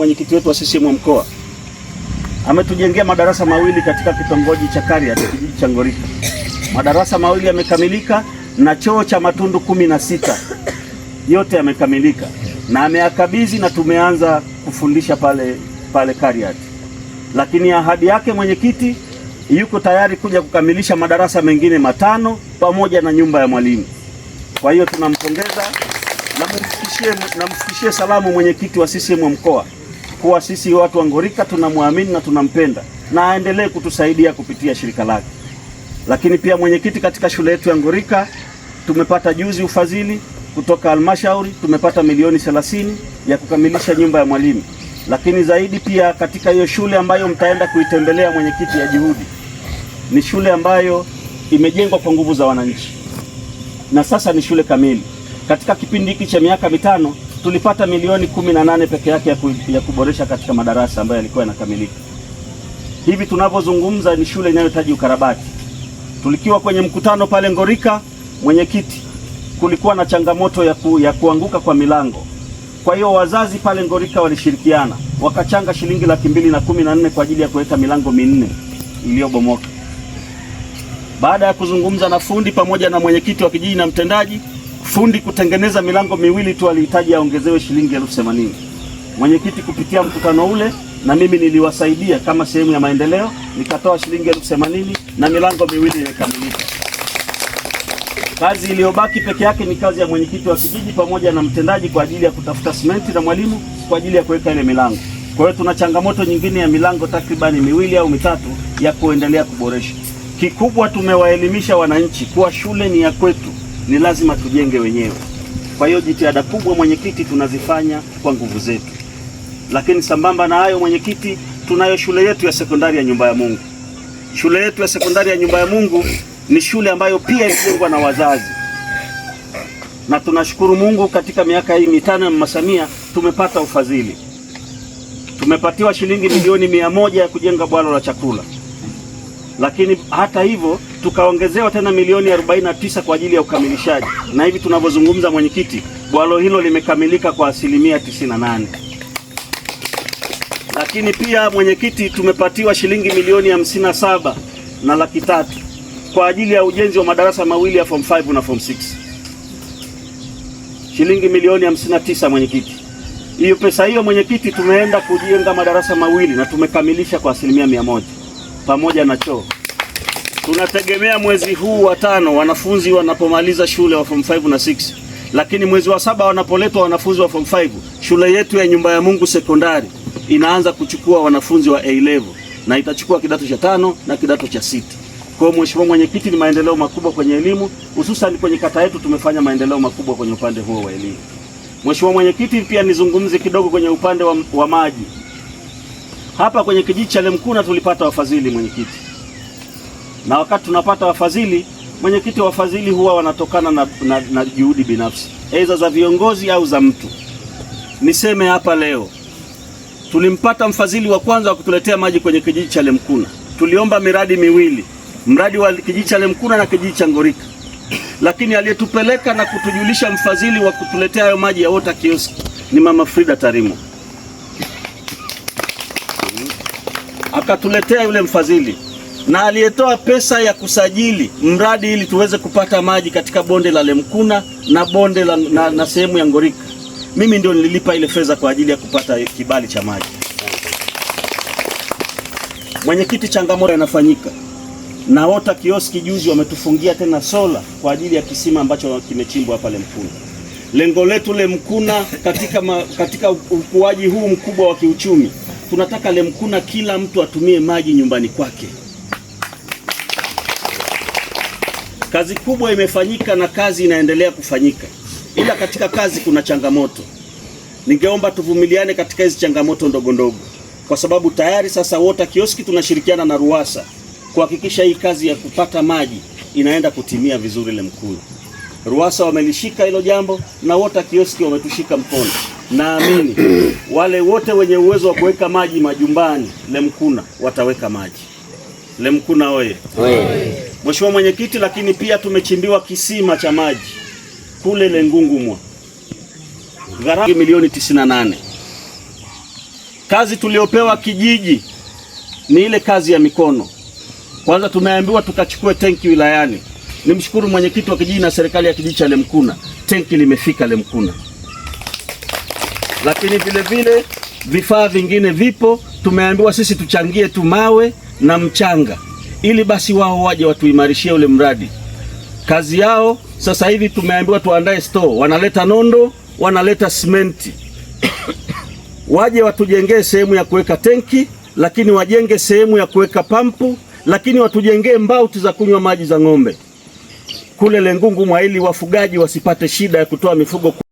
Mwenyekiti wetu wa CCM wa mkoa ametujengea madarasa mawili katika kitongoji cha Karia kijiji cha Ngorika. Madarasa mawili yamekamilika na choo cha matundu kumi na sita yote yamekamilika na ameyakabidhi, na tumeanza kufundisha pale pale Kariati, lakini ahadi yake mwenyekiti yuko tayari kuja kukamilisha madarasa mengine matano pamoja na nyumba ya mwalimu. Kwa hiyo tunampongeza na mfikishie salamu mwenyekiti wa CCM wa mkoa kuwa sisi watu wa Ngorika tunamwamini na tunampenda na aendelee kutusaidia kupitia shirika lake. Lakini pia mwenyekiti, katika shule yetu ya Ngorika tumepata juzi ufadhili kutoka halmashauri, tumepata milioni 30 ya kukamilisha nyumba ya mwalimu. Lakini zaidi pia katika hiyo shule ambayo mtaenda kuitembelea, mwenyekiti, ya juhudi, ni shule ambayo imejengwa kwa nguvu za wananchi na sasa ni shule kamili. Katika kipindi hiki cha miaka mitano tulipata milioni kumi na nane peke yake ya kuboresha katika madarasa ambayo yalikuwa yanakamilika. Hivi tunavyozungumza ni shule inayohitaji ukarabati. Tulikiwa kwenye mkutano pale Ngorika, mwenyekiti, kulikuwa na changamoto ya, ku, ya kuanguka kwa milango. Kwa hiyo wazazi pale Ngorika walishirikiana wakachanga shilingi laki mbili na kumi na nne kwa ajili ya kuweka milango minne iliyobomoka. Baada ya kuzungumza na fundi pamoja na mwenyekiti wa kijiji na mtendaji Fundi kutengeneza milango miwili tu alihitaji aongezewe shilingi elfu themanini. Mwenyekiti kupitia mkutano ule na mimi niliwasaidia kama sehemu ya maendeleo, nikatoa shilingi elfu themanini na milango miwili imekamilika. Kazi iliyobaki peke yake ni kazi ya mwenyekiti wa kijiji pamoja na mtendaji kwa ajili ya kutafuta simenti na mwalimu kwa ajili ya kuweka ile milango. Kwa hiyo tuna changamoto nyingine ya milango takribani miwili au mitatu ya kuendelea kuboresha. Kikubwa tumewaelimisha wananchi kuwa shule ni ya kwetu ni lazima tujenge wenyewe. Kwa hiyo jitihada kubwa, mwenyekiti, tunazifanya kwa nguvu zetu, lakini sambamba na hayo, mwenyekiti, tunayo shule yetu ya sekondari ya Nyumba ya Mungu. Shule yetu ya sekondari ya Nyumba ya Mungu ni shule ambayo pia ilijengwa na wazazi, na tunashukuru Mungu katika miaka hii mitano ya Mama Samia tumepata ufadhili, tumepatiwa shilingi milioni mia moja ya kujenga bwalo la chakula, lakini hata hivyo tukaongezewa tena milioni 49 kwa ajili ya ukamilishaji, na hivi tunavyozungumza, mwenyekiti, bwalo hilo limekamilika kwa asilimia 98. Lakini pia mwenyekiti, tumepatiwa shilingi milioni 57 na laki tatu kwa ajili ya ujenzi wa madarasa mawili ya form 5 na form 6 shilingi milioni 59, mwenyekiti. Hiyo pesa hiyo mwenyekiti, tumeenda kujenga madarasa mawili na tumekamilisha kwa asilimia mia moja pamoja na choo tunategemea mwezi huu wa tano wanafunzi wanapomaliza shule wa form 5 na 6, lakini mwezi wa saba wanapoletwa wanafunzi wa form 5, shule yetu ya Nyumba ya Mungu Sekondari inaanza kuchukua wanafunzi wa A level na itachukua kidato cha tano na kidato cha sita. Kwa hiyo Mheshimiwa Mwenyekiti, ni maendeleo makubwa kwenye elimu, hususan kwenye kata yetu tumefanya maendeleo makubwa kwenye upande huo wa elimu. Mheshimiwa Mwenyekiti, pia nizungumze kidogo kwenye upande wa, wa maji. Hapa kwenye kijiji cha Lemkuna tulipata wafadhili mwenyekiti na wakati tunapata wafadhili, mwenyekiti wa wafadhili huwa wanatokana na, na, na juhudi binafsi aidha za viongozi au za mtu. Niseme hapa leo tulimpata mfadhili wa kwanza wa kutuletea maji kwenye kijiji cha Lemkuna. Tuliomba miradi miwili, mradi wa kijiji cha Lemkuna na kijiji cha Ngorika, lakini aliyetupeleka na kutujulisha mfadhili wa kutuletea hayo maji ya water kiosk ni Mama Frida Tarimo akatuletea yule mfadhili na aliyetoa pesa ya kusajili mradi ili tuweze kupata maji katika bonde la Lemkuna na bonde la, na, na sehemu ya Ngorika, mimi ndio nililipa ile fedha kwa ajili ya kupata kibali cha maji. Mwenyekiti, changamoto yanafanyika na wota kioski juzi wametufungia tena sola kwa ajili ya kisima ambacho kimechimbwa hapa Lemkuna. Lengo letu Lemkuna katika, ma, katika ukuaji huu mkubwa wa kiuchumi tunataka Lemkuna kila mtu atumie maji nyumbani kwake. Kazi kubwa imefanyika na kazi inaendelea kufanyika, ila katika kazi kuna changamoto. Ningeomba tuvumiliane katika hizi changamoto ndogo ndogo, kwa sababu tayari sasa WOTA Kioski tunashirikiana na RUWASA kuhakikisha hii kazi ya kupata maji inaenda kutimia vizuri mkuu RUWASA wamelishika hilo jambo na WOTA Kioski wametushika mkono. Naamini wale wote wenye uwezo wa kuweka maji majumbani Lemkuna wataweka maji. Lemkuna oye, oye. Mheshimiwa Mwenyekiti, lakini pia tumechimbiwa kisima cha maji kule Lengungumwa gharama milioni 98. Kazi tuliopewa kijiji ni ile kazi ya mikono. Kwanza tumeambiwa tukachukue tenki wilayani. Nimshukuru mwenyekiti wa kijiji na serikali ya kijiji cha Lemkuna, tenki limefika Lemkuna, lakini vilevile vifaa vingine vipo. Tumeambiwa sisi tuchangie tu mawe na mchanga, ili basi wao waje watuimarishie ule mradi. Kazi yao sasa hivi tumeambiwa tuandae store, wanaleta nondo, wanaleta simenti waje watujengee sehemu ya kuweka tenki, lakini wajenge sehemu ya kuweka pampu, lakini watujengee mbauti za kunywa maji za ng'ombe kule Lengungu ili wafugaji wasipate shida ya kutoa mifugo.